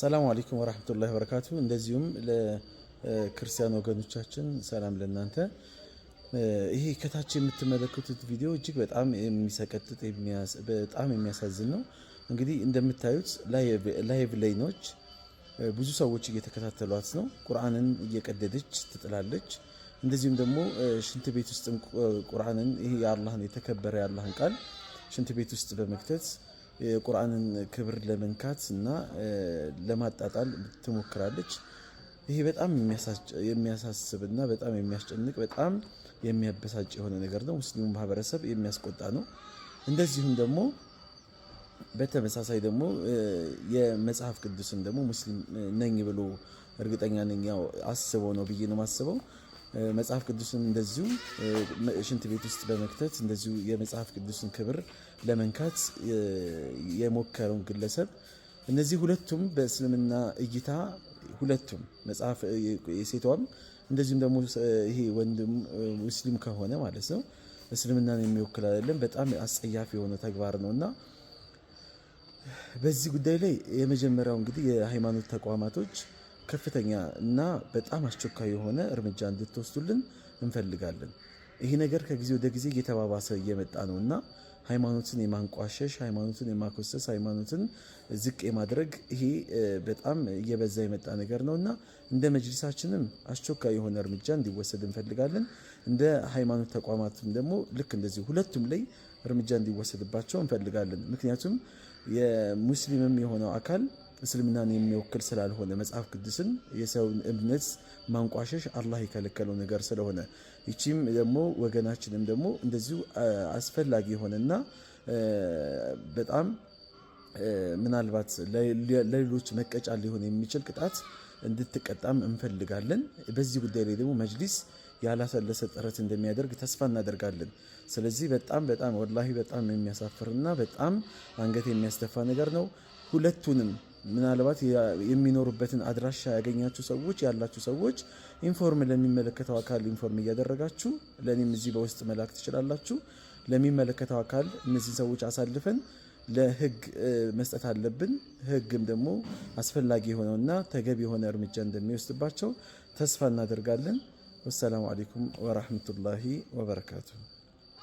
ሰላሙ አለይኩም ወራህመቱላሂ ወበረካቱ። እንደዚሁም ለክርስቲያን ወገኖቻችን ሰላም ለእናንተ። ይሄ ከታች የምትመለከቱት ቪዲዮ እጅግ በጣም የሚሰቀጥጥ በጣም የሚያሳዝን ነው። እንግዲህ እንደምታዩት ላይቭ ላይኖች ብዙ ሰዎች እየተከታተሏት ነው። ቁርአንን እየቀደደች ትጥላለች። እንደዚሁም ደግሞ ሽንት ቤት ውስጥ ቁርአንን ይሄ የአላህን የተከበረ የአላህን ቃል ሽንት ቤት ውስጥ በመክተት የቁርአንን ክብር ለመንካት እና ለማጣጣል ትሞክራለች። ይሄ በጣም የሚያሳስብ እና በጣም የሚያስጨንቅ በጣም የሚያበሳጭ የሆነ ነገር ነው። ሙስሊሙ ማህበረሰብ የሚያስቆጣ ነው። እንደዚሁም ደግሞ በተመሳሳይ ደግሞ የመጽሐፍ ቅዱስን ደግሞ ሙስሊም ነኝ ብሎ እርግጠኛ ነኝ ያው አስበው ነው ብዬ ነው ማስበው መጽሐፍ ቅዱስን እንደዚሁ ሽንት ቤት ውስጥ በመክተት እንደዚሁ የመጽሐፍ ቅዱስን ክብር ለመንካት የሞከረውን ግለሰብ እነዚህ ሁለቱም በእስልምና እይታ ሁለቱም መጽሐፍ ሴቷም እንደዚሁም ደግሞ ይሄ ወንድም ሙስሊም ከሆነ ማለት ነው እስልምናን የሚወክል አይደለም። በጣም አስጸያፊ የሆነ ተግባር ነው እና በዚህ ጉዳይ ላይ የመጀመሪያው እንግዲህ የሃይማኖት ተቋማቶች ከፍተኛ እና በጣም አስቸኳይ የሆነ እርምጃ እንድትወስዱልን እንፈልጋለን። ይሄ ነገር ከጊዜ ወደ ጊዜ እየተባባሰ እየመጣ ነው እና ሃይማኖትን የማንቋሸሽ ሃይማኖትን የማኮሰስ ሃይማኖትን ዝቅ የማድረግ ይሄ በጣም እየበዛ የመጣ ነገር ነው እና እንደ መጅሊሳችንም አስቸኳይ የሆነ እርምጃ እንዲወሰድ እንፈልጋለን። እንደ ሃይማኖት ተቋማትም ደግሞ ልክ እንደዚህ ሁለቱም ላይ እርምጃ እንዲወሰድባቸው እንፈልጋለን። ምክንያቱም የሙስሊምም የሆነው አካል እስልምናን የሚወክል ስላልሆነ መጽሐፍ ቅዱስን የሰውን እምነት ማንቋሸሽ አላህ የከለከለው ነገር ስለሆነ ይቺም ደግሞ ወገናችንም ደግሞ እንደዚሁ አስፈላጊ የሆነና በጣም ምናልባት ለሌሎች መቀጫ ሊሆን የሚችል ቅጣት እንድትቀጣም እንፈልጋለን። በዚህ ጉዳይ ላይ ደግሞ መጅሊስ ያላሰለሰ ጥረት እንደሚያደርግ ተስፋ እናደርጋለን። ስለዚህ በጣም በጣም ወላሂ በጣም የሚያሳፍርና በጣም አንገት የሚያስደፋ ነገር ነው ሁለቱንም ምናልባት የሚኖሩበትን አድራሻ ያገኛችሁ ሰዎች ያላችሁ ሰዎች ኢንፎርም ለሚመለከተው አካል ኢንፎርም እያደረጋችሁ ለእኔም እዚህ በውስጥ መላክ ትችላላችሁ። ለሚመለከተው አካል እነዚህን ሰዎች አሳልፈን ለህግ መስጠት አለብን። ህግም ደግሞ አስፈላጊ የሆነውና ተገቢ የሆነ እርምጃ እንደሚወስድባቸው ተስፋ እናደርጋለን። ወሰላሙ አሌይኩም ወራህመቱላሂ ወበረካቱ።